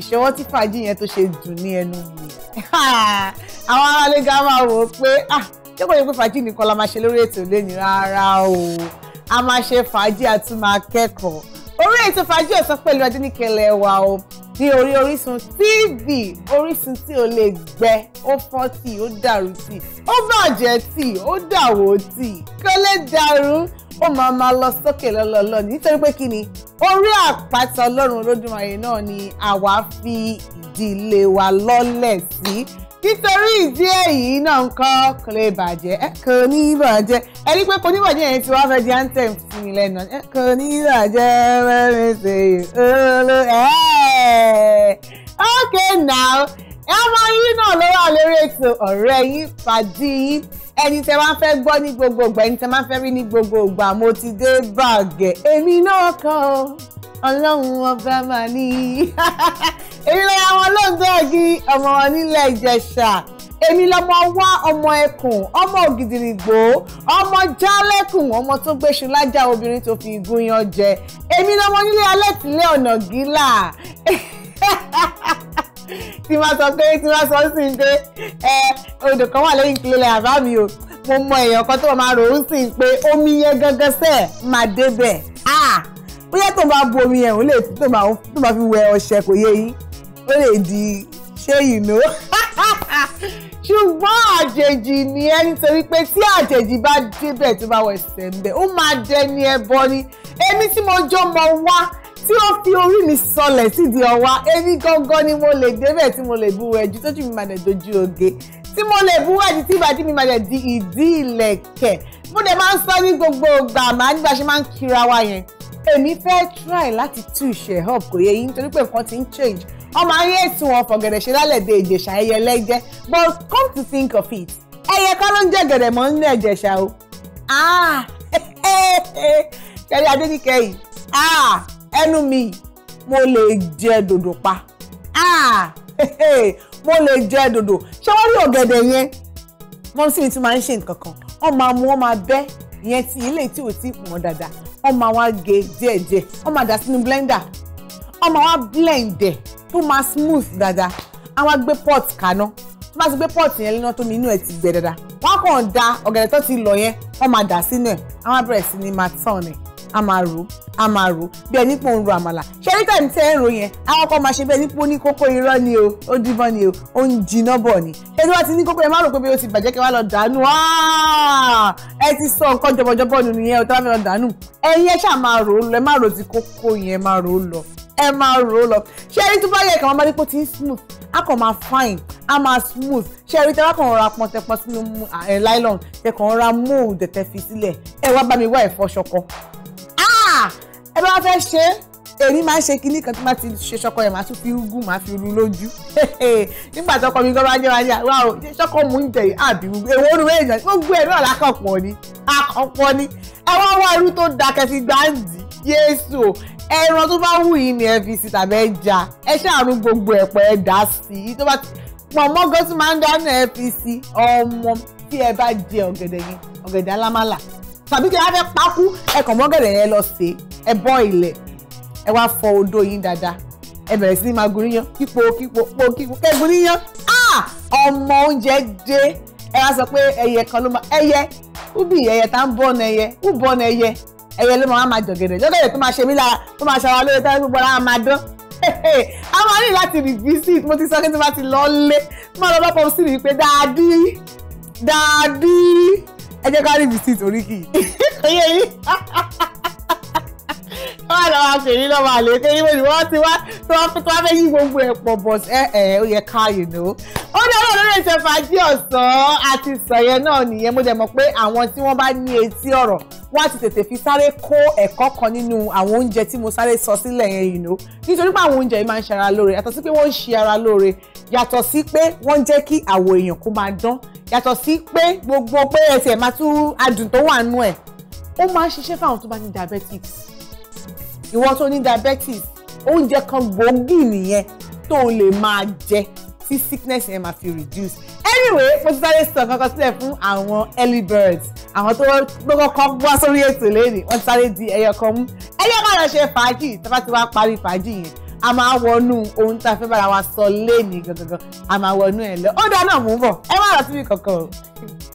ìṣọwọ́ tí fàájì yẹn tó ṣe dùn ní ẹnu mi àwọn aráalé ga máa wò ó pé ah, ṣé kò yẹ pé fàájì nìkan la máa ṣe lórí ètò lẹ́yìn rárá o a máa ṣe fàájì àti máa kẹ́kọ̀ọ́ orí ètò fàájì ọ̀sán pẹ̀lú adẹ́nìkẹ́lẹ́ wa o ní orí Orísun TV Orísun tí o lè gbẹ ó fọ́ tì ó dàrú tì ó bàjẹ́ tì ó dàwó tì kó lè dàrú ó máa máa lọ sókè lọ́lọ́lọ́ nítorí pé kí ni orí àpáta Ọlọ́run Olódùmarè náà ni àwa fi ìdílé wa lọ́lẹ̀ sí. Si nítorí ìdí èyí náà ń kọ́ kò lè bàjẹ́ ẹ kò ní bàjẹ́ ẹ pé kò ní bàjẹ́ yẹn tí wọ́n fẹ́ di anthem fún mi lẹ́nu ẹ kò ní bàjẹ́ wẹ́rẹ́ ṣe olú ẹ̀ okay now ọmọ yín náà ló wà lórí ètò ọ̀rẹ́ yín fàdí yín ẹni tẹ máa ń fẹ́ gbọ́ ní gbogbo ìgbà ẹni tẹ máa ń fẹ́ rí ní gbogbo ìgbà mo ti dé bàgẹ́ èmi náà kọ́ ọlọ́run ọba màní. èmi ya àwọn olóńgbò ọ̀gí ọmọ nílẹ̀ Ìjẹ̀ṣà èmi lọ́mọ wá ọmọ ẹkùn ọmọ ògìdìrìgbò ọmọ jálẹ̀kùn ọmọ tó gbéṣu lájà obìnrin tó fi igun yan jẹ èmi lọ́mọ nílé alẹ́ tìlẹ̀ ọ̀nà gílà tí máa sọ pé tí máa sọ sí pé ẹ odò kan wà lẹ́yìn ìpínlẹ̀ àbá mi o mo mọ èèyàn kan tó máa rò ó sì pé omi yẹn gángan sẹ́ẹ̀ máa débẹ̀ bóyá tó bá bu omi yẹn ò lè tó bá fi wẹ ọṣẹ kò yé yín lè di ṣé ìnú ṣùgbọ́n àjèjì ni ẹ nítorí pé tí àjèjì bá débẹ̀ tó bá wọ ẹsẹ̀ ń bẹ̀ ó máa dẹni ẹbọ ni èmi tí mo jọ mọ wá tí ó fi orí mi sọlẹ̀ sídìí ọwá èmi gangan ni mo lè débẹ̀ tí mo lè bú ẹjú tójú mi máa dẹ̀ dojú oge tí mo lè bú ẹjú tí ìbàdí mi máa dẹ̀ di ìdí ìlẹ̀kẹ̀ mo dẹ̀ máa ń sọ ní gbogbo ìgbà màá nígbà ṣe máa ń kira wa yẹn èmi fẹ́ try láti tú ìṣe Help. kò yẹ yín nítorí pé nǹkan ti ń change ọmọ ayé ètùn wọn fọ̀gẹ̀dẹ̀ ṣe lálẹ́ de ìjẹ̀ṣà ẹyẹ lẹ́jẹ́ but come to think of it ẹyẹ kọ́ ló ń jẹ́ gẹ̀dẹ̀ mọ́ nílẹ̀ ìjẹ̀ṣà o kẹrí ah, adéníkẹ yìí ah, ẹnu mi mo lè jẹ dòdò pa ah, mo lè jẹ dòdò ṣé wọ́n rí ọ̀gẹ̀dẹ̀ yẹn mọ́mísí mi tún máa ń ṣe nǹkan kan wọ́n máa mú wọ́n máa bẹ́ ìyẹn tí ilé tí ò tí pọ̀ mọ́ dáadáa wọ́n máa wá gé díẹ̀díẹ̀ wọ́n máa dà sínú blender wọ́n máa wá blend ẹ̀ tó máa smooth dáadáa á wá gbé pot kaná tó bá ti gbé pot yẹn lẹ́nà tó mi inú ẹ̀ ti gbẹ dáadáa wọ́n á kàn da ọ̀gẹ̀dẹ̀ tó ti lọ yẹn wọ́n máa dà sínú ẹ̀ á wá bẹ̀rẹ̀ sí ni máa tàn ẹ̀ a máa rò a máa rò bí ẹni pò ń ro àmàlà ṣé nígbà tí tẹ́ ń ro yẹn àwọn kan máa ṣe bẹ́ẹ̀ nípò ní kókó irọ́ ni o ó díbọ́n ni o ó ń jiná bọ̀ ni ṣé tí wọ́n ti ní kókó yẹn má rò pé bí o ti bàjẹ́ kí wọ́n lọ dànù ẹ ti sọ nǹkan jọbọjọbọ nínú yẹn o tí wọ́n fẹ́ lọ dànù ẹ̀yin ẹ ṣáà máa rò ó lọ ẹ má rò ti kókó yẹn má rò ó lọ ẹ máa rò ó lọ ṣé ẹni tó bá yẹ kàn máa dípò tí ń smooth a kàn máa fine a máa smooth ṣe rí tẹ́wọ́ kàn ra pọ́n tẹ́pọ́n sínú eh, nylon tẹ́ kàn ra mold tẹ́ fi sílẹ̀ ẹ wá bá mi wá ẹ̀fọ́ ṣọ̀kan ẹ bá fẹ́ ṣe é èmi máa ń ṣe kinní kan tí máa ti ṣe ṣọkọ yẹn máa tún fi rúgùn máa fi rú lójú nígbà tí ọkọ mi gbọ́ bá jẹ́ wájú àwa o ṣe ṣọkọ mú ìjẹ yìí àbí rúgùn èwo orí èèyàn gbogbo ẹ̀rọ àlákọ̀pọ̀ ni àkọ̀pọ̀ ni ẹ wá wá irú tó da kẹfì gbáǹdì yéésù ẹran tó bá wù yín ni ẹ fi sí tàbí ẹja ẹ ṣàánú gbogbo ẹ̀pọ̀ ẹ dá sí i tó bá pọ̀nmọ́ gọ́sùn máa ń dáná ẹ fi sí ọmọ tí ẹ bá jẹ ọ̀gẹ̀dẹ̀ yẹn ọ̀gẹ̀dẹ̀ alámàlà tàbí kí ẹ fẹ́ pákú ẹ kàn mọ́gẹ̀dẹ̀ yẹn lọ sí ẹ bọ́ ilẹ̀ ẹ wá fọ odó yín dáadáa ẹ bẹ̀rẹ̀ sí ní máa gun níyàn kípo kípo kípo kípo kẹ́gun níyàn ah! ọmọ oúnjẹ dé ẹ wá sọ pé ẹyẹ kan ló máa ẹyẹ ubi ẹyẹ tá ń bọ́ ọ̀nà ẹyẹ ó bọ́ ọ̀nà ẹyẹ ẹyẹ ló máa máa jọ̀gẹ̀dẹ̀ jọ̀gẹ̀dẹ̀ tó máa ṣe mí lára tó máa ṣara lóore tó gbogbo ara máa dán a máa ní láti revisit mo ti sọ pé tí mo bá ti lọ lé máa lọ bá sí mi pé dáadí dáadí ẹ jẹ́ ká rí visit oríkì. oyè yìí wọ́n lọ wá pè ní lọ́wọ́ àlè pé níbo ni wọ́n ti wá tí wọ́n fi pàmẹ́ yí gbogbo ẹ̀ pọ̀ bọ̀ ẹ ẹ ó yẹ ká yìí nù. ó ní ọlọ́run lórí ìṣe fàájì ọ̀sán àti ìsọ̀yẹ náà nìyẹn mo dẹ̀ mọ̀ pé àwọn tí wọ́n bá ní etí ọ̀rọ̀ wọ́n á ti tètè fi sáré kó ẹ̀kọ́ kan nínú àwọn oúnjẹ tí mo sáré sọ sílẹ̀ yẹn yìí nù. nítorí pé àwọn oúnjẹ yìí máa ń ṣe ara lóore yàtọ̀ sí pé wọ́n ń ṣe ara lóore yàtọ̀ sí pé wọ́n jẹ́ kí àwọ̀ èèyàn kó máa dán yàtọ̀ sí pé gbogbo pé ẹsẹ̀ máa tún adùn tó wà nú ẹ̀ ó máa ń ṣiṣẹ́ fáwọn tó bá ní diabetics ìwọ tó ní diabetics oúnjẹ kan gbòógì nìyẹn tó o lè máa jẹ tí sickness yẹn máa fi reduce anyway mo ti sáré sọ kankan sílẹ̀ fún àwọn early birds àwọn tó kọ́kọ́ wá sórí ètò lẹ́nìí wọ́n ti sáré di ẹyọ kan mú ẹyọ kan lọ ṣe fàájì tó bá ti wá parí fàájì yẹn a máa wọnú ohun tá a fẹ́ bára wa sọ léènì gangan a máa wọnú ẹ̀ lọ ó dáná mú bọ̀ ẹ má lọ síbi kankan o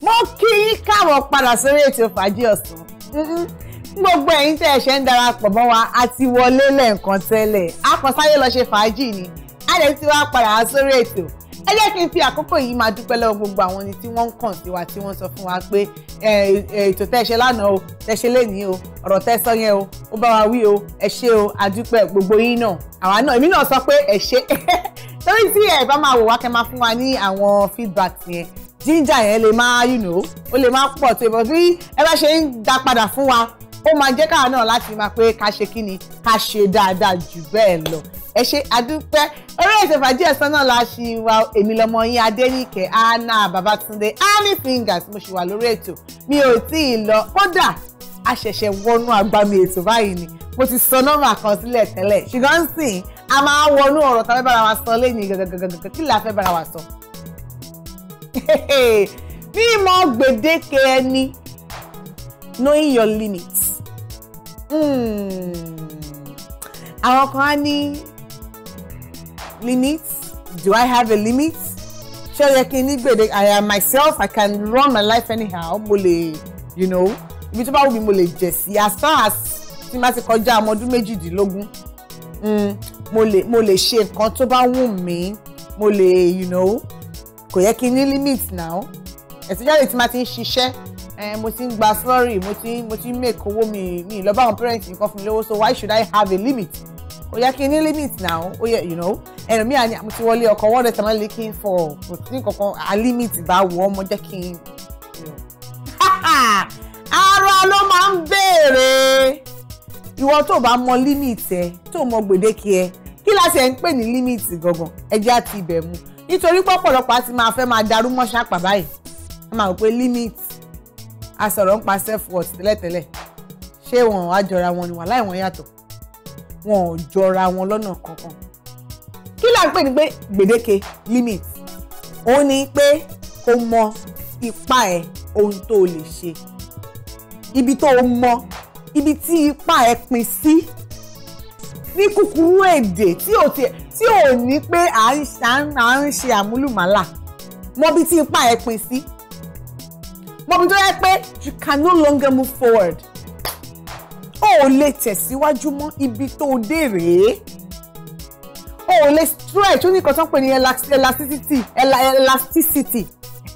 mo kí yín káàbọ̀ padà sórí ètò fàájì ọ̀sán gbogbo ẹ̀yin tẹ́ ẹ ṣe ń darapọ̀ mọ́ wa a ti wọlé lẹ́ẹ̀kan tẹ́lẹ̀ a kàn sáré lọ ṣe fàájì ni a lè ti wá padà sórí ètò ẹ jẹ́ kí n fi àkókò yìí máa dúpẹ́ lọ́wọ́ gbogbo àwọn ẹni tí wọ́n ń kàn sí wa tí wọ́n sọ fún wa pé ètò tẹ́ ṣe lánàá o tẹ́ ṣe lénìí o ọ̀rọ̀ tẹ́ sọ yẹn o ó bá wa wí o ẹ ṣé o àdúpẹ́ gbogbo yín náà àwa náà èmi náà sọ pé ẹ ṣé torí tí ẹ bá máa wò wá kẹ́ máa fún wa ní àwọn feedback yẹn jíjà yẹn lè máa you know ó lè máa pọ̀ tó ìbọn bí ẹ bá ṣe ń dá padà fún wa ó máa jẹ́ káwa náà láti máa pé ká ṣe kí ni ká ṣe dáadáa jù bẹ́ẹ̀ lọ ẹ ṣe àdúpẹ́ orí ètò ìfàjì ẹ̀sán náà la ṣì wà èmi lọ́mọ yín adéníkẹ́ anna babatunde honey fingers mo ṣì wà lórí ètò mi ò tí ì lọ kódà a ṣẹ̀ṣẹ̀ wọnú agbami ètò báyìí ni mo ti sọ nọ́mbà kan sílẹ̀ tẹ́lẹ̀ ṣùgbọ́n sìn a máa wọnú ọ̀rọ̀ tá a fẹ́ bára wa sọ lẹ́yìn gàgàgàgàgà kí la fẹ́ bára wa sọ. mímọ̀ gbèdéke ẹni knowing your limit Hmm. àwọn kan á ní limit do I have a limit ṣé ó yẹ kí n ní gbèdé I am myself I can run my life anyhow mo lè you know ibi tó bá wù mí mo lè jẹ̀ sí as far as tí má ti kọjá ọmọ ọdún méjìdínlógún hmm, mo lè mo lè ṣe nǹkan tó bá wù mí mo lè you know kò yẹ kí n ní limit now ẹ̀sìn jáde tí má ti ń ṣiṣẹ́ Eh, mo ti ń gba slurry mo ti mo ti ń make owó mi mi lọ bá àwọn parents nǹkan fún mi lówó so why should I have a limit ó yẹ kí n ní limit now ó yẹ you know ẹnu mi àní mo wọlé ọkọ one hundred and one kí n fọ kò sí nǹkankan a limit bá wọ ọmọ jẹ́ kí n. ara ló máa ń béèrè ìwọ tó bá mọ limit ẹ tó mọ gbèdéke ẹ kí láti ẹ ń pè ní limit gangan ẹjẹ àti ibẹ̀ mu nítorí pọ̀pọ̀lọpọ̀ àti máa fẹ́ máa darú mọ́ṣápà báyìí ẹ máa rò pé limit a sọ̀rọ̀ nípa self worth tẹ́lẹ̀tẹ́lẹ̀ ṣé wọn á jọra wọn ni wàhálà ìwọ̀n yàtọ̀ wọn ò jọra wọn lọ́nà kankan kí là ń pè ní pé gbèdéke limit ó ní pé kó mọ ipá ẹ ohun tó o lè ṣe ibi tó o mọ ibi tí ipá ẹ pin sí ní kúkúrú èdè tí ò tí ò ní pé à ń ṣe àmúlùmálà mọ ibi tí ipá ẹ pin sí. Si bọ́bí tó yẹ pé you can no longer move forward o ò lè tẹ̀síwájú mọ́ ibi tó o dé rèé o ò lè stretch ó ní nǹkan tó ń pè ní elasticity elasticity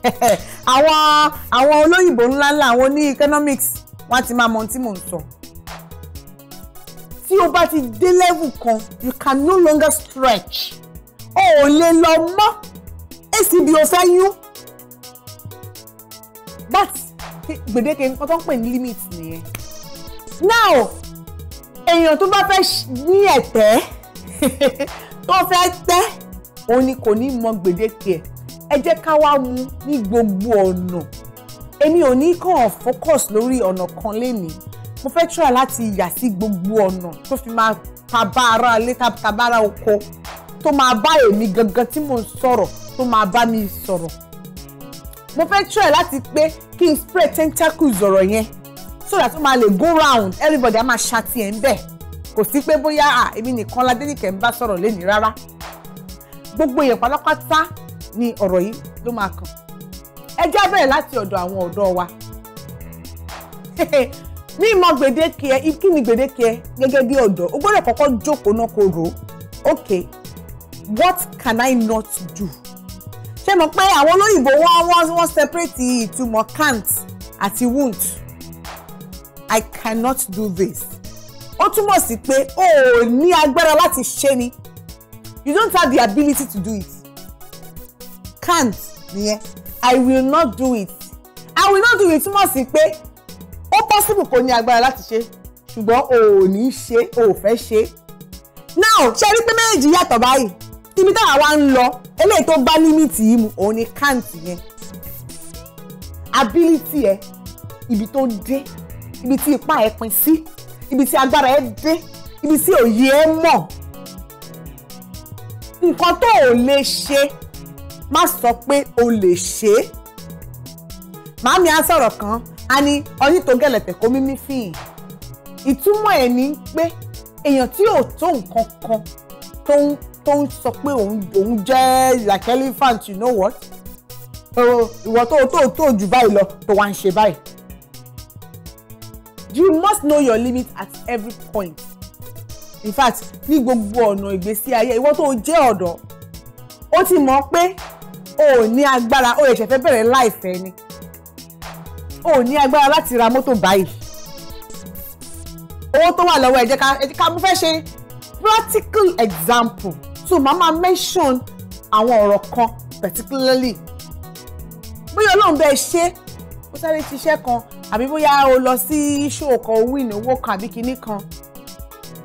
àwọn àwọn olóyìnbó ńláńlá àwọn ní economics wọ́n ti máa mọ ohun tí mò ń sọ tí o bá ti dé level kan you can no longer stretch o ò lè lọ mọ́ èsì bí o fẹ́ yún that gbèdéke nǹkan tó ń pè ní limit nìyẹn. now èèyàn tó bá fẹ́ ní ẹ̀tẹ́ tó fẹ́ tẹ́ òun ni kò ní mọ gbèdéke ẹ jẹ́ ká wá mu ní gbogbo ọ̀nà èmi ò ní kàn focus lórí ọ̀nà kan lénìí mo fẹ́ try láti yà sí gbogbo ọ̀nà tó fi máa tàbá ara ilé tàbá ara oko tó máa bá èmi gangan tí mò ń sọ̀rọ̀ tó máa bá mi sọ̀rọ̀ mo fẹ́ try láti pé kí n spray tentacles ọ̀rọ̀ yẹn so that ó máa lè go round everybody á máa ṣàtì ẹ̀ ń bẹ̀ kò sí pé bóyá èmi nìkan ládẹ́nìkẹ́ ń bá sọ̀rọ̀ lẹ́nìí rárá gbogbo èèyàn pátápátá ni ọ̀rọ̀ yìí ló máa kàn ẹ jẹ́ á bẹ̀rẹ̀ láti ọ̀dọ̀ àwọn ọ̀dọ́ wa ní ìmọ̀ gbèdéke ẹ kí ni gbèdéke ẹ gẹ́gẹ́ bí ọ̀dọ́ o gbọ́dọ̀ kọ́kọ́ jókòó náà kó rò ó okay what can I not do? ṣé mo pé àwọn olóyìnbó wọ́n wọ́n wọ́n separate ìtumọ̀ can't àti won't i cannot do this ó túmọ̀ sí pé o ò ní agbára láti ṣe ni you don't have the ability to do it can't nìyẹn i will not do it i will not do it túmọ̀ sí pé ó possible kò ní agbára láti ṣe ṣùgbọ́n o ò ní ṣe o ò fẹ́ ṣe now ṣe rí pé méjèèjì yàtọ̀ báyìí ibi táwa wá ń lọ eléyìí tó bá límìtì yìí mu òun ni count yẹn ability ẹ ibi tó dé ibi tí ipá ẹ pin sí ibi tí agbára ẹ dé ibi tí òye ẹ mọ̀ nǹkan tó ò lè ṣe má sọ pé o lè ṣe é màámi á sọ̀rọ̀ kan á ní ọyún tó gẹ̀lẹ̀tẹ̀ kó mímí fìhìn ìtumọ̀ ẹ̀ ní pé èèyàn tí ò tó nǹkan kan tó ń tó ń sọ pé òun òun jẹ́ like elephant you know what ìwọ tó tó tó jù báyìí lọ tó wá ń ṣe báyìí you must know your limit at every point in fact ní gbogbo ọ̀nà ìgbésí ayé ìwọ tó jẹ́ ọ̀dọ́ ó ti mọ̀ pé o ò ní agbára o ẹ̀ṣẹ̀ fẹ́ bẹ̀rẹ̀ láìfẹ́ ni o ò ní agbára láti ra mọ́tò báyìí owó tó wà lọ́wọ́ ẹ jẹ́ ká mo fẹ́ ṣe practical example so màá máa mention àwọn ọ̀rọ̀ kan particularly bóyá ọlọ́run bẹ́ẹ̀ ṣe ó sáré ṣiṣẹ́ kan àbí bóyá o lọ sí ṣòwò kan win owó kan àbí kinní kan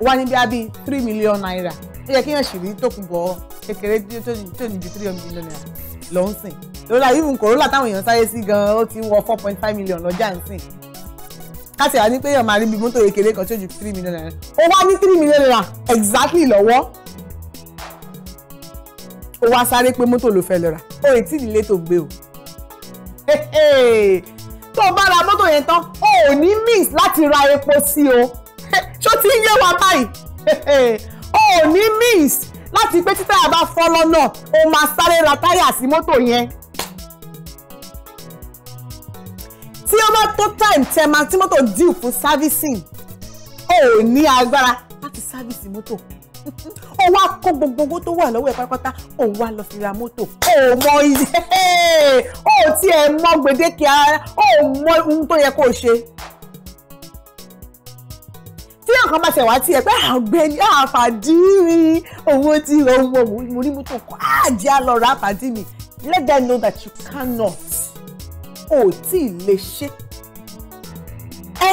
wá níbi àbí three million naira ó yẹ kí yẹn ṣì rí tókùn bọ̀ kékeré tó ní ju three million naira lọ ń sìn lọ́la even Corolla táwọn èèyàn sáré sí gan ó ti wọ four point five million lọ́jà ń sìn káṣí àá ní pé èèyàn máa rí bí mọ́tò kékeré kan tó ju three million naira ó wá ní three million naira exactly lọ́wọ́ ó wá sáré pé mọ́tò ló fẹ́ lọ rà ó retí ìdílé tó gbé o tó bá ra mọ́tò yẹn tán ó ò ní mix láti ra epo sí o ṣó ti ń yé wa báyìí ó ò ní mix láti pé tí táyà bá fọ́ lọ́nà ó máa sáré ra táyà sí mọ́tò yẹn. tí ó bá tó time tẹ máa tí mọ́tò due for servicing ó ò ní agbára service sáfíìsì mọ́tò ó wá kó gbogbo owó tó wà lọ́wọ́ ẹ̀ pátápátá ó wá lọ fi ra mọ́tò ó mọ iye ó tiẹ̀ mọ gbèdéke ara ó mọ ohun tó yẹ kó ṣe tí nǹkan bá ṣẹ̀ wá tiẹ̀ pé àgbẹ̀ni ah, àfàdírí ah, owó tí owó mo ní mọ́tò kọ́ àjẹ́ ah, àlọ́ra àfàdí mi let them know that you cannot o ò tí ì lè ṣe ẹ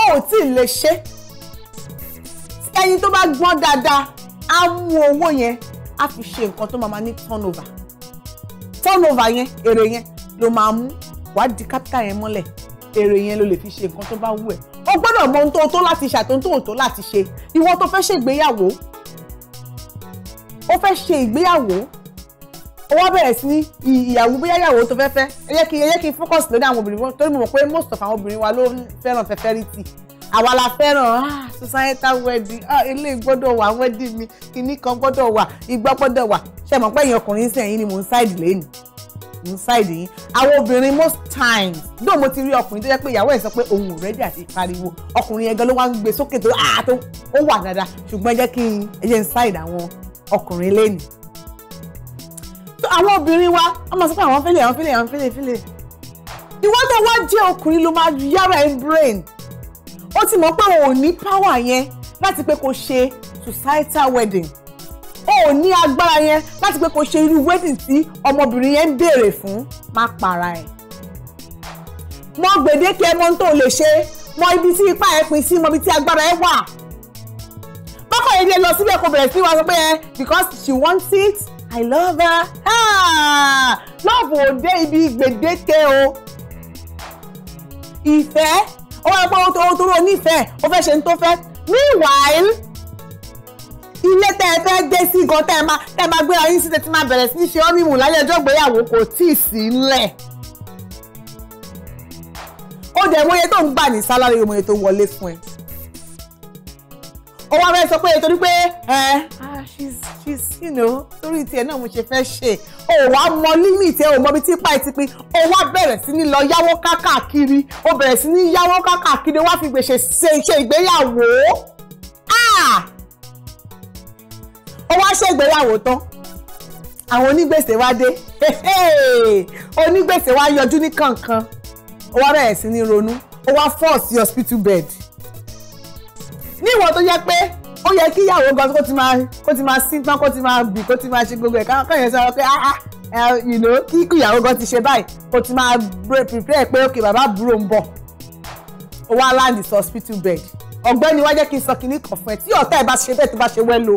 o ò tí ì lè ṣe ẹni tó bá gbọ́n dáadáa á mú owó yẹn á fi ṣe nǹkan tó máa ma ní turnover turnover yẹn èrè yẹn ló máa mú wàá di capital yẹn mọ́lẹ̀ èrè yẹn ló lè fi ṣe nǹkan tó bá wù ẹ́ o gbọ́dọ̀ mọ ohun tó tó láti ṣe àti ohun tó tó láti ṣe ìwọ tó fẹ́ ṣe ìgbéyàwó o fẹ́ ṣe ìgbéyàwó o wá bẹ̀rẹ̀ sí ní ìyàwó bóyá ìyàwó tó fẹ́ fẹ́ ẹ jẹ́ kí ẹ jẹ́ kí focus lórí àwọn obìnrin torí mo mọ̀ pé most of àwọn obìnrin wa ló fẹ́ràn fẹ́fẹ́ rí tì àwa la fẹ́ràn ah societal wedding ah ilé gbọ́dọ̀ wà wedding mi kinní kan gbọ́dọ̀ wà igbá gbọ́dọ̀ wà ṣe mọ̀ pé ẹ̀yin ọkùnrin sí ẹ̀yin ni mò ń ṣáìdì lẹ́nu mò ń ṣáìdì yín àwọn obìnrin most times dóò mo ti rí ọkùnrin tó jẹ́ pé ìyàwó ẹ̀ sọ pé òun ò rẹ́dí àti pariwo ọkùnrin yẹn gan ló wá ń gbé sókè tó ah tó ó wà dáadáa ṣùgbọ́n ẹ jẹ́ kí ẹ jẹ́ ń ṣáìdì àwọn ọkùnrin lẹ́nu àwọn obìnrin wa wọ́n máa sọ pé àwọn fẹ́lẹ̀ àwọn fẹ́lẹ̀ àwọn fẹ́lẹ̀ fẹ́lẹ̀ ìwọ́n tó wá jẹ́ ọkùnrin ló ó ti mọ̀ pé o ò ní power yẹn láti pé kó ṣe societal wedding o ò ní agbára yẹn láti pé kó ṣe irú wedding tí ọmọbìnrin yẹn ń béèrè fún má para ẹ̀ mọ gbèdéke mọ ohun tó lè ṣe mọ ibi tí ipá ẹ pín sí mọ ibi tí agbára ẹ wà bákan yìí lè lọ síbẹ̀ kó bẹ̀rẹ̀ sí wa sọ pé ẹ eh, because she wants it I love her lọ́ọ̀bù ò dé ibi gbèdéke o ìfẹ́ ó wá pé ohun tó rò nífẹ̀ẹ́ ó fẹ́ ṣe ní tó fẹ́ meanwhile ilé tẹ́ ẹ fẹ́ gbé sí gan tẹ́ ẹ máa tẹ́ ẹ máa gbéra yín sí tẹ́ ti máa bẹ̀rẹ̀ sí ṣe ọ́nìmù lálẹ́ ọjọ́ ìgbéyàwó kò tí ì sí ńlẹ̀ ó dẹ̀ mọ̀ye tó ń gbà ní sálárì mọ̀ye tó wọlé fún ẹ ó wá fẹ́ sọ pé torí pé ẹ ah, she's she's you know torí tiẹ̀ náà mo ṣe fẹ́ ṣe ó wá mọ limit ẹ ò mọ ibi tí pa ẹ ti pin ó wá bẹ̀rẹ̀ sí ní lọ yáwó kákàkiri ó bẹ̀rẹ̀ sí ní yáwó kákàkiri ó wá fi gbèsè ṣe iṣẹ́ ìgbéyàwó ó ah! wá ṣe ìgbéyàwó tán àwọn onígbèsè wá dé onígbèsè wá yọjú ní kankan ó wá bẹ̀rẹ̀ sí ní ronú ó wá fọ́ọ̀sì hospital bed ní ìwọ tó yẹ pé ó yẹ kí ìyàwó gan kó ti máa kó ti máa sí tán kó ti máa bì kó ti máa ṣe gbogbo ẹ̀ káwọn yẹn sọ pé ah ah eh, you know kí ìyàwó gan ti ṣe báyìí kó ti máa prepare pé ok bàbá àbúrò ń bọ̀ ó wá land sí hospital bed ọ̀gbẹ́ni wá jẹ́ kí n sọ kínní kan fún ẹ tí ọ̀tá ẹ bá ṣe bẹ́ẹ̀ tó bá ṣe wẹ́lo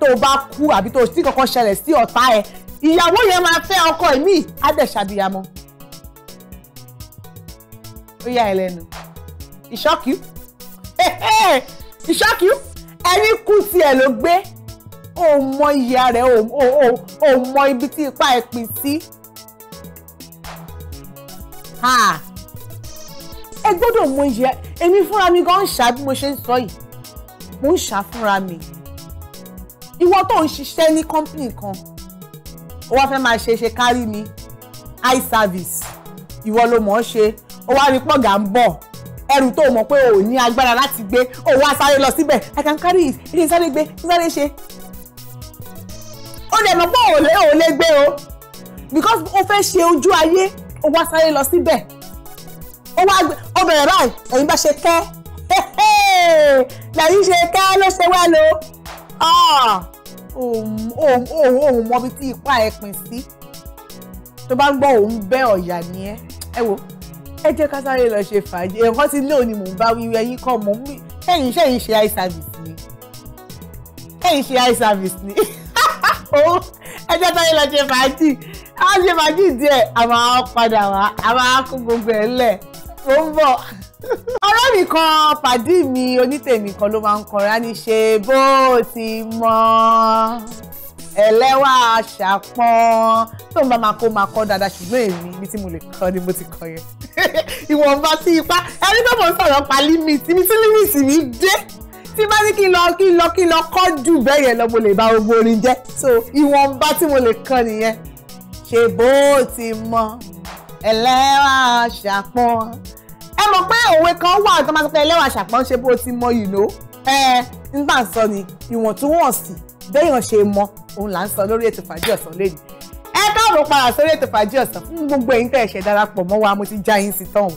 tó bá kú àbí tó tí kankan ṣẹlẹ̀ sí ọ̀tá ẹ ìyàwó yẹn máa fẹ́ ọkọ ẹ̀mí adẹ̀ṣàbíyamọ ó yà ẹ lẹ́nu it shock you ìṣáàkì ẹni kú tiẹ̀ ló gbé ó mọ ìyá rẹ̀ ó mọ ibi tí ipá ẹ̀ pín sí. ẹ gbọ́dọ̀ mọ ìyá èmi fúnra mi gan ń ṣá bí mo ṣe ń sọ yìí mo ń ṣá fúnra mi ìwọ tó ń ṣiṣẹ́ ní kọ́ńpìnì kan ó wá fẹ́ máa ṣe ṣe kárí mi eye service ìwọ ló mọ̀ ọ́ ṣe ó wá rí pọ̀gà ń bọ̀ ẹrù tó mọ̀ pé o ní agbára láti gbé o wá lọ síbẹ̀ i can carry it ilé sáré gbé sáré ṣe. ó dẹ̀ mọ̀ pé o ò lè gbé o because o fẹ́ ṣe ojú ayé o wá sáré lọ síbẹ̀ ó bẹ̀rẹ̀ báyìí ẹ̀yin bá ṣe kẹ́ lẹ́yìn ṣe kẹ́ ló ṣe wá lo ah! òun mọbi tí ipa ẹ̀ pín sí tó bá ń gbọ́ òun bẹ́ ọ̀yà ni ẹ wo ẹ jẹ́ ká sáré lọ ṣe fàájì ẹ̀kọ́ ti lé òní mò ń bá wíwẹ́ yín kọ́ mò ń ṣẹ́yìn ṣẹ́yìn ṣe eye service ni ṣẹ́yìn ṣe eye service ni òun oh, ẹ jẹ́ sáré lọ ṣe fàájì a ṣe fàájì díẹ̀ a máa padà wá a máa kó gbogbo ẹ̀ lẹ̀ tó ń bọ̀. ọ̀rẹ́ mi kan pàdí mi onítèmi kan ló máa ń kọrin á ní ṣe bó ti mọ́ ẹlẹ́wà ṣàpọ̀n tó ń bá máa kó máa kọ́ dáadáa ṣùgbọ́n èmi ibi tí mo lè kọ́ ni mo ti kọ́ yẹn ìwọ̀nba sí ipá ẹni tó mọ̀ ń sọ̀rọ̀ pa límìtì ibi tí límìtì mi dé tí bá ní kí n lọ kí n lọ kí n lọ kọ́ jù bẹ́ẹ̀ yẹn lọ mo lè bá gbogbo orin jẹ́ so ìwọ̀nba tí mo lè kọ́ nìyẹn ṣe bó ti mọ ẹlẹ́wà ṣàpọ̀n ẹ mọ̀ pé òwe kan wà tó máa sọ pé ẹlẹ́wà ṣàpọ̀n ṣe bó ti mọ ìlò ẹ nígbà sọ ni ìwọ̀ntúnwọ̀nsì béèyàn ṣe mọ òun là ń sọ lórí ètò fàájì ọ̀sán lẹ́yìn ẹ káàbọ̀ padà sórí ètò fàájì ọ̀sán fún gbogbo ẹ̀yin tẹ̀ ṣẹ̀ darapọ̀ mọ́ wa mo ti já yín sí tán o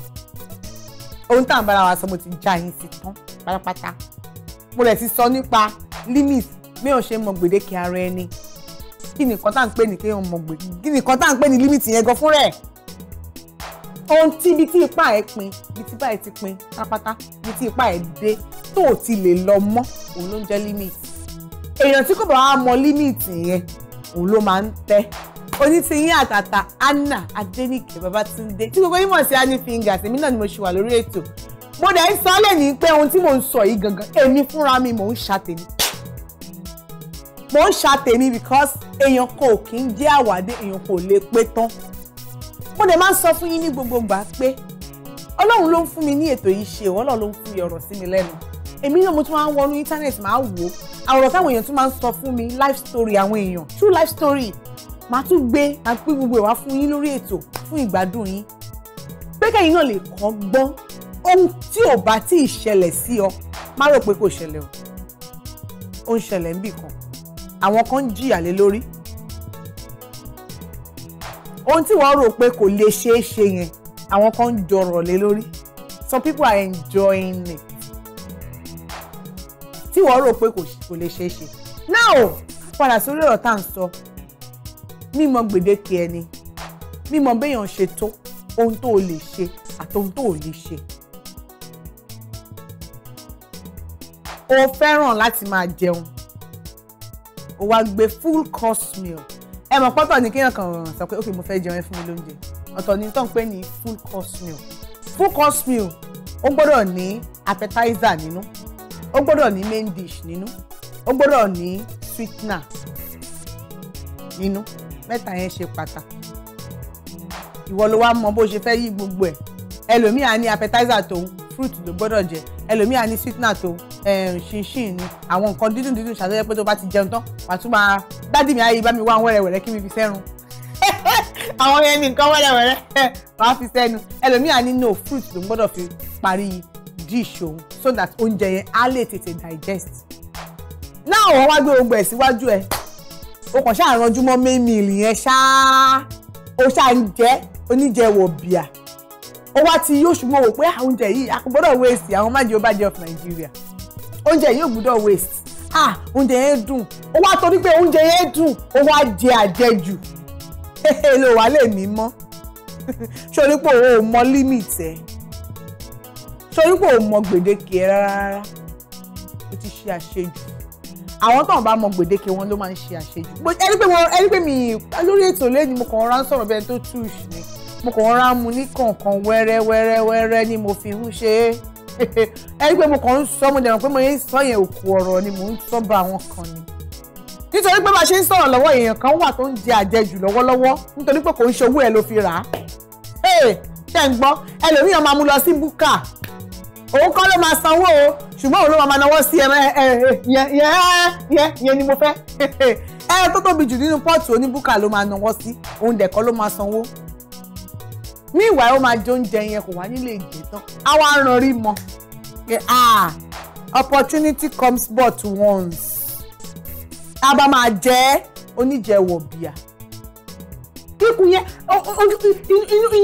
ohun tá à ń bára wa sọ mo ti já yín sí tán pátápátá mo rẹ̀ ti sọ nípa limit méèyàn ṣe mọ gbèdéke ara ẹni kí nìkan tá à ń pè ní kéèyàn mọ gbèdéke kí nìkan tá à ń pè ní limit yẹn gan fúnra ẹ̀ ohun tí ibi tí ipá ẹ pin ibi tí báyìí ti pin pátápátá ibi tí ipá ẹ dé tó ò ti lè lọ mọ́ òun ló ń jẹ́ limit èèyàn tí kò bá wá mọ límìtì yẹn òun ló máa ń tẹ́ oní ti yín àtàtà Anna Adéníkẹ́ Babátúndé tí gbogbo yín mọ̀ sí Annie Fingers èmi náà ni mo ṣe wà lórí ètò mo dẹ̀ ń sọ ọ́ lẹ́yìn pé ohun tí mò ń sọ yìí gangan èmi fúnra mi mò ń ṣàtẹ̀mí mò ń ṣàtẹ̀mí because èèyàn kò kí ń jẹ́ àwàdé èèyàn kò lè pé tán mo dẹ̀ máa ń sọ fún yín ní gbogbo gbà pé ọlọ́run ló ń fún mi ní ètò yìí ṣe ọlọ́run ló ń fi ọ̀rọ̀ sí mi lẹ́nu èmi náà mo tún máa ń wọnú íńtánẹ́ẹ̀tì máa wò ó ọ̀rọ̀ táwọn èèyàn tún máa ń sọ fún mi life story àwọn èèyàn true life story màá tún gbé màá pín gbogbo ẹ̀ wá fún yín lórí ètò fún ìgbádùn yín pé kẹ́yìn náà lè kọ́ gbọ́n ohun tí ò bá tí ì ṣẹlẹ̀ sí ọ má rò pé kò ṣẹlẹ̀ o ó ń ṣẹlẹ̀ níbì kan àwọn kan ń jìyà lé lórí ohun tí wọ́n rò pé kò lè ṣeé ṣe yẹn àwọn kan ń jọrọ̀ lé lórí some people are enjoying it tí wọ́n rò pé kò lè ṣeé ṣe now padà sórí ọ̀rọ̀ tá à ń sọ mímọ̀ gbèdéke ẹni mímọ̀ béèyàn ṣe tó ohun tó o lè ṣe àti ohun tó o lè ṣe. o fẹ́ràn láti máa jẹun o wá gbé full course meal ẹ mọ̀ pọ́tọ̀ ní kéèyàn kan sọ pé ok mo fẹ́ jẹun ẹ fún mi lóúnjẹ ọ̀tọ̀ ní tó ń pè ní full course meal full course meal ó gbọ́dọ̀ ní appetizer nínú. No? ó gbọ́dọ̀ ní main dish nínú ó gbọ́dọ̀ ní sweetener nínú mẹ́ta yẹn ṣe pàtàkì ìwọ ló wá mọ bó ṣe fẹ́ yí gbogbo ẹ̀ ẹlòmíà ní appetizer tòun fruit ló gbọ́dọ̀ jẹ ẹlòmíà ní sweetener tòun eh, ṣinṣin ni àwọn nǹkan dídùn dídùn ṣàtọ́jẹ́ pé tó bá ti jẹun tán wàá tún máa dádì mi ayé bá mi wá àwọn wẹ̀rẹ̀wẹ̀rẹ̀ kí mi fi sẹ́run àwọn yẹn ní nǹkan wẹ́rẹ́wẹ́rẹ́ wàá fi sẹ́nu ẹlòmíà ní no fruit ló gbọ́dọ̀ fi parí dish òun so that oúnjẹ yẹn á lè tètè digest náà wọ́n wá gbé gbogbo ẹ̀ síwájú ẹ̀ o kàn ṣáà ranjú mọ́ main meal yẹn ṣáá o ṣáà ń jẹ́ oníjẹ̀wọ̀ bíà ó wá ti yóò ṣùgbọ́n wò pé ah, oúnjẹ yìí a kò gbọ́dọ̀ waste àwọn májèlé bá jẹ́ of Nigeria oúnjẹ yìí ò gbọ́dọ̀ waste ah oúnjẹ yẹn dùn ó wá torí pé oúnjẹ yẹn dùn ó wá jẹ àjẹjù ló wà lè mí mọ́ ṣorí pé òun ò mọ límìtì ẹ̀ torí kò mọ gbèdéke ẹ rárá ó ti ṣe àṣejù àwọn tó ń bá mọ gbèdéke wọn ló máa ń ṣe àṣejù ẹni pé wọn ẹni pé mi lórí ètò lẹ́yìn mo kàn rán sọ̀rọ̀ bẹ́ẹ̀ tó tú ìṣù ni mo kàn rán mu ní kọ̀ọ̀kan wẹ́rẹ́ wẹ́rẹ́ wẹ́rẹ́ ni mo fi ń ṣe é ẹni pé mo kàn ń sọ mo dẹ̀rọ̀ pé mo yẹn ń sọ yẹn òkú ọ̀rọ̀ ni mo ń sọ bá àwọn kan ni nítorí pé bá a ṣe ń sọ̀rọ̀ lọ́wọ́ èèyàn kan wà tó ń jẹ àjẹjù lọ́wọ́lọ́wọ́ nítorí pé kò ń ṣowó ẹ̀ ló fi rà á ṣe ń gbọ́ ẹlòmíràn máa mú lọ sí búkà òun kọ́ ló máa sanwó o ṣùgbọ́n òun ló máa náwó sí yẹn ni mo fẹ́ ẹ tó tóbi jù nínú pọ́ọ̀tù oníbùkà ló máa náwó sí òun dẹ̀kọ́ ló máa sanwó ní ìwà ó máa jẹ oúnjẹ yẹn kò wá nílé ìgbé tán á wá ràn rí mọ opportunity comes but once a bá máa jẹ oníjẹwọ bíà kíkun yẹn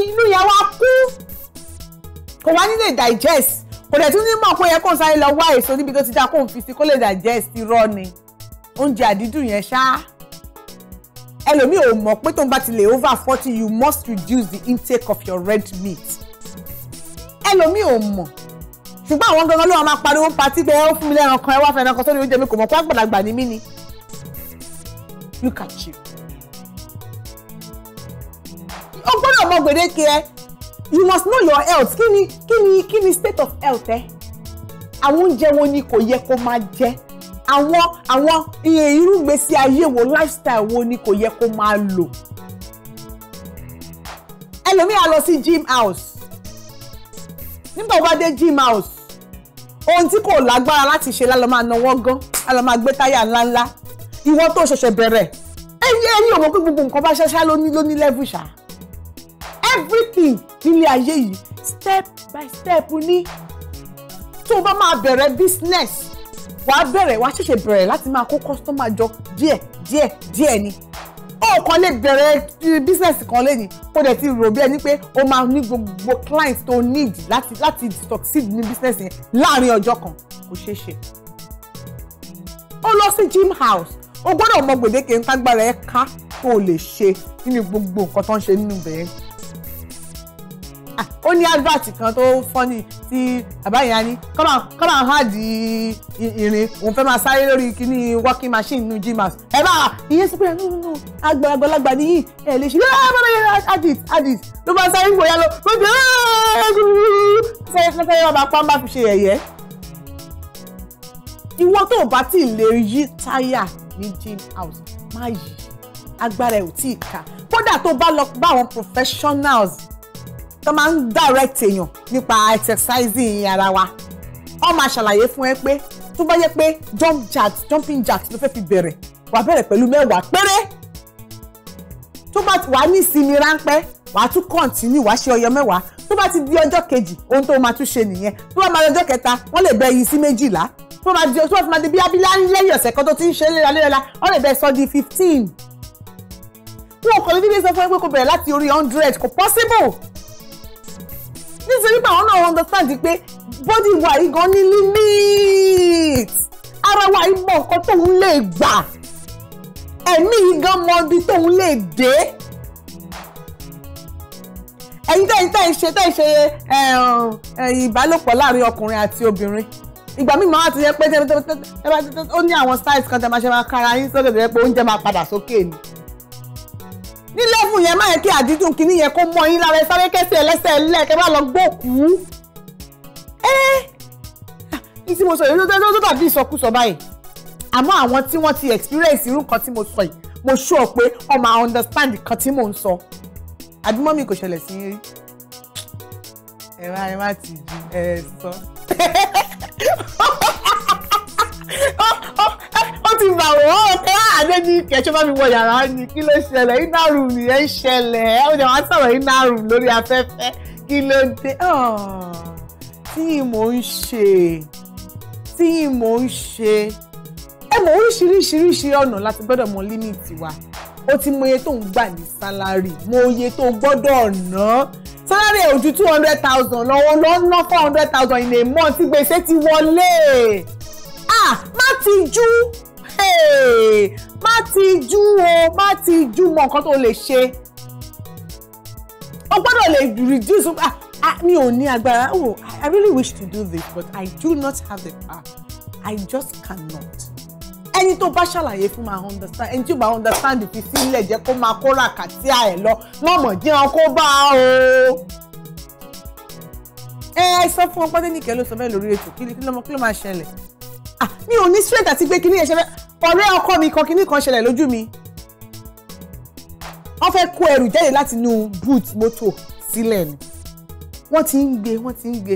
inú yẹn wá kú kò wá nílé digest kò dẹ̀ tún ní mọ̀ pé yẹ kó n sáré lọ wá èso níbi tó ti dá kó n fi sí kó lè digest irọ́ ni oúnjẹ àdídùn yẹn ṣá ẹlòmíì ò mọ̀ pé tó ń bá ti lè over forty you must reduce the intake of your red meat ẹlòmíì ò mọ̀ ṣùgbọ́n àwọn gangan ló wà máa pariwo patí pé ó fún mi lẹ́ran kan ẹ wá fẹ́ ẹran kan sórí oúnjẹ mi kò mọ̀ pé àgbàlagbà ni mí ni look at you. o gbọ́dọ̀ mọ gbèdéke ẹ you must know your health Kini, kini, kini. state of health ẹ àwọn oúnjẹ wo ni kò yẹ kó máa jẹ àwọn àwọn eh, irúgbésí ayé wo lifestyle wo ni kò yẹ kó máa lò ẹlòmíà lọ sí gym house nígbà wo bá dé gym house ohun tí kò lágbára láti ṣe lálọ́ máa náwó gan lálọ́ máa gbé táyà ńláńlá ìwọ tó ṣẹ̀ṣẹ̀ bẹ̀rẹ̀ ẹ̀yìn ẹ̀yìn òun pé gbogbo nǹkan bá ṣáṣá ló ní ló ṣá everything kílé ayé yìí step by step ní tó o bá máa bẹ̀rẹ̀ business wàá bẹ̀rẹ̀ wàá ṣẹ̀ṣẹ̀ bẹ̀rẹ̀ láti máa kó customer jọ díẹ̀ díẹ̀ díẹ̀ ni ó kàn lè bẹ̀rẹ̀ business kan lẹ́yìn kó dẹ̀ ti rò bí ẹni pé ó máa ní gbogbo client tó need láti láti succeed ní business yẹn láàrin ọjọ́ kan kò ṣeé ṣe. ó lọ sí gym house o gbọ́dọ̀ mọ gbèdéke ntágbára ẹ ká tó o lè ṣe nínú gbogbo nǹkan tó ń ṣe nínú bẹ̀rẹ̀ Ah, ó ní advert kan tó fọ́nì tí bàbá yẹn á ní kọ́ máa hàn di ìrìn òun fẹ́ máa sáré lórí kíní working machine nu gmas ẹ bá ìyẹn sọ pé àgbàlagbà ni yìí ẹ lè ṣe ẹ bá yẹn adit adit ló bá sáré ń gbòyà lọ ló fi ṣe ṣẹ́yìn ọba pàmbá fi ṣe yẹ̀yẹ́ ìwọ tó o bá tí ì lè yí táyà ní gym house má yí agbára ẹ̀ ò tí ì ká kódà tó bá lọ bá àwọn professionals tó máa ń direct èèyàn nípa exercising ara wa wọ́n máa ṣàlàyé fún ẹ pé tó bá yẹ pé jump jacks jumping jacks ló fẹ́ fi bẹ̀rẹ̀ wà bẹ̀rẹ̀ pẹ̀lú mẹ́wàá péré tó bá wà ní ìsinmi ráńpẹ́ wàá tún kọ́ǹtínú wàá ṣe ọyọ mẹ́wàá tó bá ti di ọjọ́ kejì ohun tó máa tún ṣe nìyẹn tó bá máa di ọjọ́ kẹta wọ́n lè bẹ yìí sí méjìlá tó bá di tó bá fi máa bí abilá lẹ́yìn ọ̀sẹ̀ kan tó ti ń ṣe léraléra wọ́n lè bẹ sọ di fifteen. wọn kò ní bíbí sọ fún ẹ pé kò bẹ̀rẹ̀ láti orí hundred kò possible nítorí pé àwọn náà understand pé body wa yìí gan ní limit ara wa yìí mọ nǹkan tóun lè gbà ẹ̀mí yìí gan mọ ibi tóun lè dé ẹ̀yin tẹ́yìn tẹ́yìn ṣe tẹ́yìn ṣe eh, eh, ìbálòpọ̀ láàrin ọkùnrin àti obìnrin ìgbà míì máa ti yẹ pé ó ní àwọn size kan tẹ́ máa ṣe máa kára yín sókè tó yẹ pé oúnjẹ máa padà sókè ni ní lẹ́fù yẹn má yẹ kí àdídùn kìíní yẹn kó mọ yín lára ẹ sáré kẹsẹ̀ ẹlẹ́sẹ̀ ẹlẹ́kẹ́ bá lọ gbókùú ẹ ah, ní tí mo sọ yìí tó dàbí ìsọkúsọ báyìí àmọ́ àwọn tí wọ́n ti experience irú nǹkan tí mo sọ yìí mo sure pé ó máa understand nǹkan tí mò ń sọ àdúmọ́ mi kò ṣẹlẹ̀ sí rí ẹ má ẹ má ti ju ẹ sọ. Oh, oh, oh, ti bà wọ́n pé àdéjì kẹ̀ṣọ́ bá mi wọ yàrá ni kí ló ṣẹlẹ̀ inner room nìyẹn ń ṣẹlẹ̀ ó jẹ́ wọ́n á sọ̀rọ̀ inner room lórí afẹ́fẹ́ kí ló dé ah, tí mò ń ṣe tí mò ń ṣe ẹ mọ oríṣiríṣiríṣi ọ̀nà láti gbọ́dọ̀ mọ límìtì wa ó ti mọ iye tó ń gbà ní sálárì mọ iye tó gbọ́dọ̀ ná sálárì ẹ̀ ojú two hundred thousand lọ́wọ́ ló ń ná four hundred thousand in a month tí gbèsè ti wọlé ah má ti jú má ti jú o má ti jú mọ nǹkan tó lè ṣe o gbọ́dọ̀ lè reduce ah, ah, mi ò ní agbára oh I really wish to do this but I do not have the power I just cannot ẹni tó bá ṣàlàyé fún máa understand ẹni tí ó bá understand fi sílẹ̀ jẹ́ kó máa kó ràkàtìà ẹ̀ lọ mọ̀mọ́ jẹun kó bá o ẹ sọ fún ọpọ́n tẹ́nìkẹ́ ló sọ bẹ́ẹ̀ lórí ètò kí ló máa ṣẹlẹ̀ ah mi ò ní strength àti pé kíní ẹ̀ṣẹ̀ fẹ́ ọ̀rẹ́ ọkọ mi kan kíní kan ṣẹlẹ̀ lójú mi wọ́n fẹ́ kó ẹrù jáde láti inú boot mọ́tò sílẹ̀ ni wọ́n ti ń gbé wọ́n ti ń gbé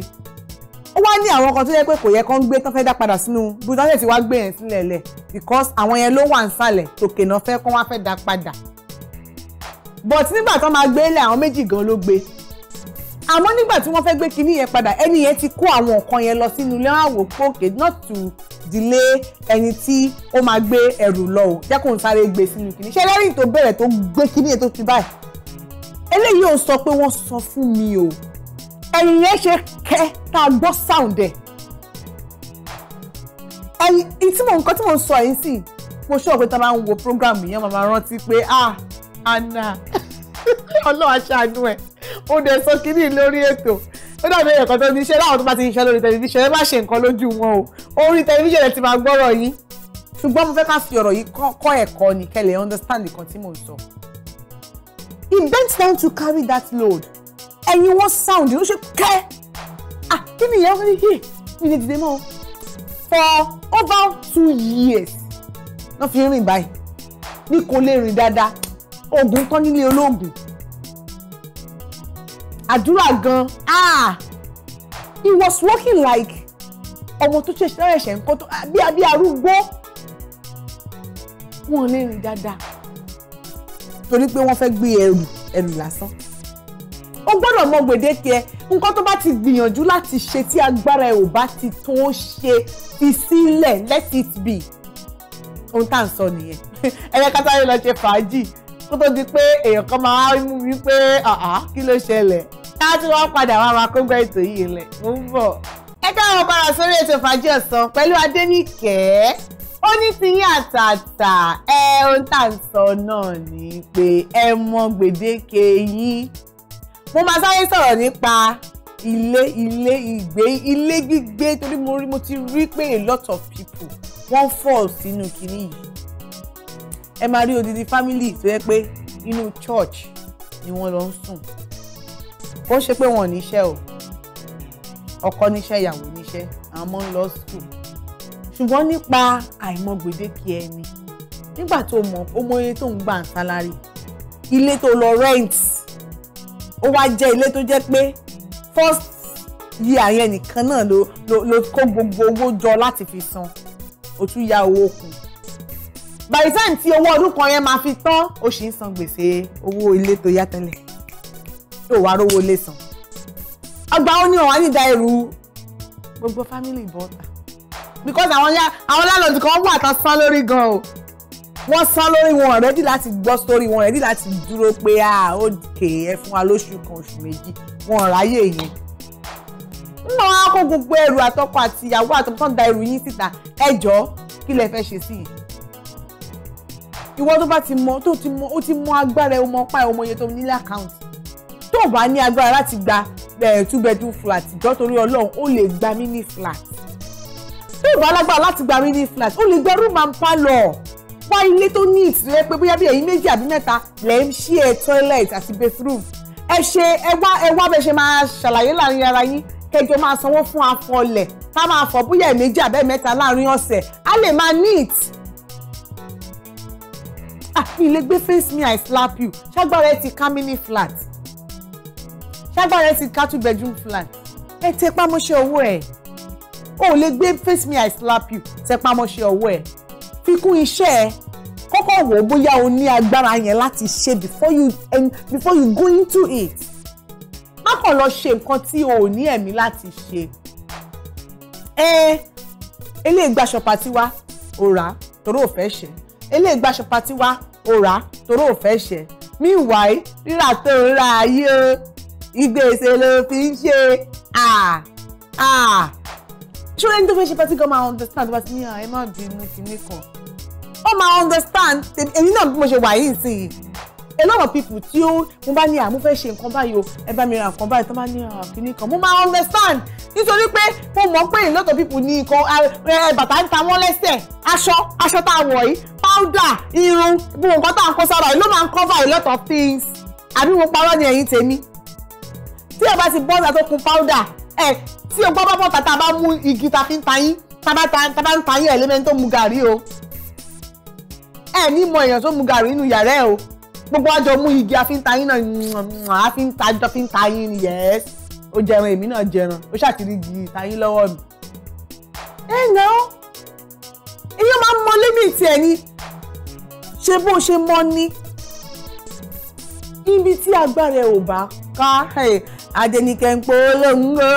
ó wá ní àwọn kan tó yẹ pé kò yẹ kán gbé tán fẹ́ dá padà sínú boot wọ́n sì ti wá gbé yẹn sílẹ̀ lẹ̀ because àwọn yẹn ló wà nísàlẹ̀ tòkè náà fẹ́ kán wá fẹ́ dá padà but nígbà tán máa gbé lẹ̀ àwọn méjì gan ló gbé àmọ́ nígbà tí wọ́n fẹ́ gbé kinní yẹn padà ẹni yẹn ti kó àwọn nǹkan yẹn lọ sínú ilé wọn àwò pókè not to ìdílé ẹni tí ó máa gbé ẹrù lọ o jẹ́ kó n sáré gbé sínú kìíní ṣé lẹ́rìn tó bẹ̀rẹ̀ tó gbé kíní ètò ti báyìí eléyìí ò sọ pé wọ́n sọ fún mi o ẹ̀yìn yẹn ṣe kẹ́ tá a gbọ́ sound ẹ̀ ẹ̀yìn tí mò ń tí mò sọ yìí sì mo ṣọ́ pé tá a máa ń wo program yẹn màmá rántí pé ah Anna ọlọ́wà ṣàánú ẹ̀ ó dẹ̀ sọ kíní lórí ètò ó dàbí ẹ̀kọ́ tó ní iṣẹ́ láwọn tó bá ti ń lórí tẹlifíṣàn ẹ má ṣe nǹkan lójú wọn o orí tẹlifíṣàn ẹ ti máa gbọ́rọ̀ yìí ṣùgbọ́n mo fẹ́ ká fi ọ̀rọ̀ yìí kọ́ ẹ̀kọ́ ni kẹ́lẹ̀ understand nǹkan tí mò ń sọ. he bent down to carry that load ẹ̀yin wọ́n sound ló ṣe kẹ́ ah kí ni ìyá wọn yé mi lè dìde mọ́ for over two years náà fi rìn báyìí ní kò lè rìn dáadáa oògùn tán nílé olóògùn àdúrà gan ah he was working like ọmọ tó ṣe ṣẹṣẹ nǹkan tó ah, bí abí arúgbó wọn lè rìn dáadáa torí pé wọ́n fẹ́ gbé ẹrù ẹrù lásán ó gbọ́dọ̀ mọ gbèdéke ẹ nǹkan tó bá ti gbìyànjú láti ṣe tí agbára ẹ ò bá ti tó ṣe fi sílẹ̀ let it be ohun tá à ń sọ nìyẹn ẹ̀yẹ kátàlẹ́ lọ ṣe fàájì kó tó di pé èèyàn kan máa mú mi pé kí ló ṣẹlẹ̀ ká tí wọ́n padà wá wa kó ètò yìí lẹ̀ ó ń bọ̀. ẹ káwọn padà sórí ètò fàájì ọ̀sán pẹ̀lú Adéníkẹ́ ó ní tiyín àtàtà ẹ ohun tá à ń sọ náà ni pé ẹ mọ gbèdéke yín mo máa sáré sọ̀rọ̀ nípa ilé ilé ìgbé ilé gbígbé torí mo ti rí pé a lot of people wọ́n fall sínú kinní yìí ẹ máa rí odidi family tó yẹ pé inú church ni wọ́n lọ ń sùn kó ṣe pé wọn ò níṣẹ́ o ọkọ níṣẹ́ ìyàwó níṣẹ́ àwọn ọmọ ń lọ sùn ṣùgbọ́n nípa àìmọ̀ gbèdéke ẹni nígbà tó mọ̀ ó mọ iye tó ń gbà ń salary? ilé tó lọ rent ó wá jẹ́ ilé tó jẹ́ pé first year yẹn nìkan náà ló ló kó gbogbo owó jọ láti fi san ó tún yá owó kù by the time tí owó ọdún kan yẹn máa fi tán ó sì ń san gbèsè owó ilé tó yá tẹ́lẹ̀ tó wàá rówó lè san ọgbà ó ní ọ̀wá nídàá ẹrù gbogbo family bọ́ta because àwọn yá àwọn landlord kan wà tán san lórí gan o wọ́n san lórí wọn ready láti gbọ́ story wọn ready láti dúró pé à ó kè é fún wa lóṣù kan oṣù méjì wọn ráyè yẹn nínú àwọn akó gbogbo ẹrù àtọkọ àtìyàwó àtọkọ tó ń da ẹrù yín síta ẹjọ́ kí lẹ fẹ́ ṣe sí yìí ìwọ tó bá ti mọ tó ti mọ ó ti mọ agbára ẹ ọmọ pa ẹ ọmọ iye tó nílé account tó o bá ní agbára láti gba two bedroom flat jọ torí ọlọ́run ó lè gba mini flat tó o bá lágbára láti gba mini flat ó lè gba room and parlour wá ilé tó ní ìtìlẹ́ pé bóyá bí ẹ̀yin méjì àbí mẹ́ta lẹ́ ń ṣí ẹ toilet àti bathroom ẹ ṣe ẹ wá ẹ wá bẹ ṣe máa ṣàlàyé láàrin ara yín kẹjọ máa sanwó fún afọlẹ̀ ká máa fọ bóyá ẹ̀ méjì àbẹ́ mẹ́ta láàrin ọ̀sẹ̀ á lè máa neat mi lè gbé face me i slap you ṣágbára ẹ ti ká mí ní flat ṣágbára ẹ ti ká two bedroom flat ẹ tẹpá mọ́ṣẹ́ ọwọ́ ẹ̀ o lè gbé face me i slap you tẹpá mọ́ṣẹ́ ọwọ́ ẹ̀ fi kún iṣẹ́ ẹ kọ́kọ́ wò ó bóyá o ní agbára yẹn láti ṣe before you before you go into it má kàn lọ ṣe nǹkan tí o ò ní ẹ̀mí láti ṣe ẹ eléyìí gbaṣọ pàtiwá ò rà torí ò fẹ́ ṣe eléyìí gba ṣapati wá ó rà á torí ò fẹ́ meanwhile rírà tó ń ra ayé o ìgbésẹ̀ ló fi ń ṣe à à ṣúlẹ̀ ẹni tó fẹ́ ṣe pati gan máa understand wá sí ní ẹ má ju inú kìíní kan ó máa understand èmi náà bí mo ṣe wà yìí sí i a lot of people tí ó mo bá ní àmú fẹ́ ṣe nǹkan báyìí o ẹ bá mi ra nǹkan báyìí tó bá ní àfínì kan mo máa understand nítorí pé mo mọ̀ pé a lot of people ní nǹkan bàtà ń ta wọ́n lẹ́sẹ̀ aṣọ aṣọ tá a wọ̀ yìí powder irun gbogbo nǹkan tá à kó sára yìí ló máa ń cover a lot of things àbí mo parọ́ ni ẹ̀yin tèmi tí ẹ bá ti bọ́ta tó kun powder ẹ tí o gbọ́ bá bọ́ta tá a bá mú igi ta fi ń ta yín tá a bá ń ta yín ẹ̀lẹ́mẹ́ni tó mu gàrí o ẹ ní mọ èèyàn tó mu gàrí nínú yàrá ẹ o gbogbo àjọ mú igi a fi ń ta náà a fi ń ta jọ fi ń ta yín ni yẹ́s o jẹran èmi náà jẹran o ṣàtìrí igi ta lọ́wọ́ mi. ẹ ǹ èèyàn máa ń mọ límìtì ẹ̀ ni ṣe bó ṣe mọ́ ní níbi tí agbára ẹ̀ ò bá ká adẹnikẹ́ ń pòó lóńgò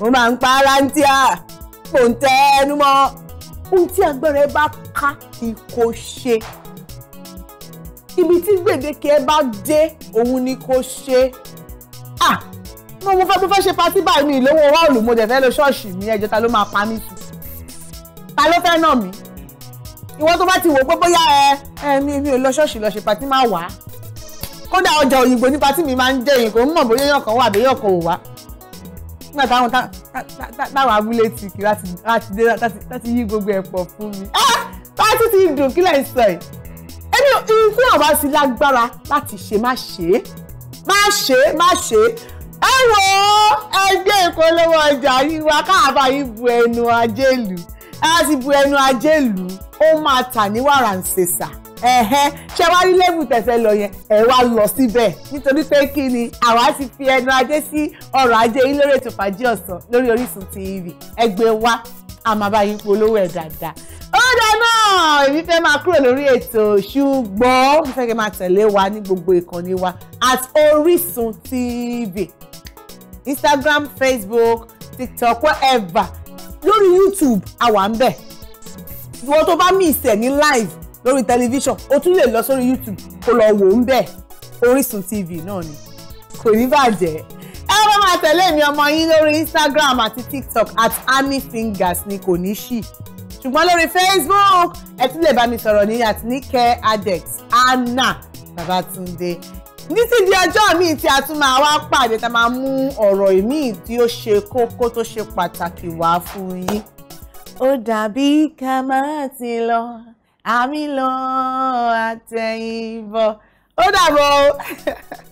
mo máa ń pa aláǹtíà kò ń tẹ́ ẹnu mọ́ ohun tí agbára ẹ̀ bá ká kò ṣe ibi tí gbèdéke ẹ̀ bá dé òun ni kò ṣe ah mo mo fẹ́ mo fẹ́ ṣe patí báyìí mi ìlówó wáòlù mo dẹ̀ fẹ́ lọ ṣọ́ọ̀ṣì mi ẹjọ́ ta ló máa pa mí sí ta ló fẹ́ nà mí ìwọ tó bá ti wò pé bóyá ẹ ẹ mi mi ò lọ ṣọ́ọ̀ṣì lọ ṣe patí máa wà á kódà ọjà òyìnbó ní patí mi máa ń jẹ èyàn kò mọ̀ bóyá èyàn kan wà àbí èyàn kan ò wá nígbà táwọn táwọn abúlé ti kí láti dé láti yí gbogbo ẹ̀ pọ̀ fún mi pátí ti dùn kí lẹ́yìn sọ ẹ̀ ẹni ìfún àwa sí lágbára láti ṣe má ṣe é má ṣe é má ṣe é ẹ wò ó ẹgbẹ́ ìpolówó ọjà yìí wá káàbà yìí bu ẹnu ajé lù á ti bu ẹnu ajé lù ú ó máa tà ní wàrà ń ṣèṣà ẹ̀hẹ́n ṣé wá rí lẹ́bù tẹ̀fẹ́ lọ yẹn ẹ̀ wá lọ síbẹ̀ nítorí pé kí ni àwa ti fi ẹnu ajé sí ọrọ̀ ajé yín lórí ètò fàájì ọ̀sán lórí Orísun TV ẹgbẹ́ e wa a máa bá yín polówó ẹ̀ dáadáa. ó dáná èmi fẹ́ máa kúrò lórí ètò ṣùgbọ́n mo fẹ́ kí n máa tẹ̀lé wa ní gbogbo ìkànnì wa at Orísun TV Instagram Facebook TikTok whatever lórí youtube àwa ń bẹ̀ ìwọ tó bá miss ẹ̀ ní live lórí tẹlifíṣàn o tún lè lọ sórí youtube kó lọ wò ń bẹ̀ orísun tv náà ni kò ní bàjẹ́ ẹ bá máa tẹ̀lé mi ọmọ yín lórí instagram àti tiktok at amifingers ni kò ní ṣì ṣùgbọ́n lórí facebook ẹ tún lè bá mi sọ̀rọ̀ ní àti adex anna babatunde títí di ọjọ́ míì tí a tún máa wá pàdé tá a máa mú ọ̀rọ̀ míì tí ó ṣe kókó tó ṣe pàtàkì wá fún yín. ó dàbí ká máa ti lọ àmì lọ àtẹ̀yìnbọ̀ ó dàbọ̀.